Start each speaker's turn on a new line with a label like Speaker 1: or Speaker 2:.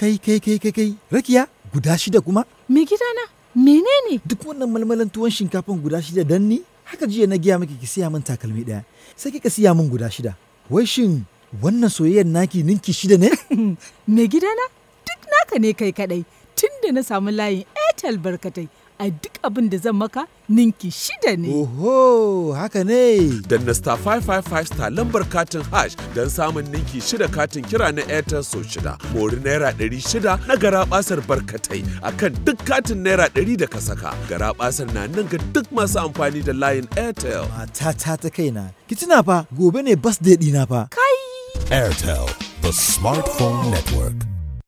Speaker 1: Kai kai kai kai kai rakiya guda shida kuma? Me gidana menene? Duk wannan malmalan tuwon shinkafan guda shida dan ni? Haka jiya na giya miki ki siya min takalmi daya sai kika siya min guda shida. Wai shin wannan soyayyar naki ninki shida ne?
Speaker 2: Me na duk naka ne kai kadai tun na samu layin Airtel barkatai a duk abin da zan maka ninki shida ne.
Speaker 3: Oho, haka ne.
Speaker 4: na star 555 star lambar katin hash don samun ninki shida katin kira na Airtel so shida. Mori naira ɗari shida na garabasar barkatai akan duk katin naira ɗari da ka saka. Garabasar na nan ga duk masu amfani da layin Airtel. mata
Speaker 1: ta ta kaina, ki tuna fa gobe ne bas daɗi na fa. Kai.
Speaker 4: Airtel, the smartphone network.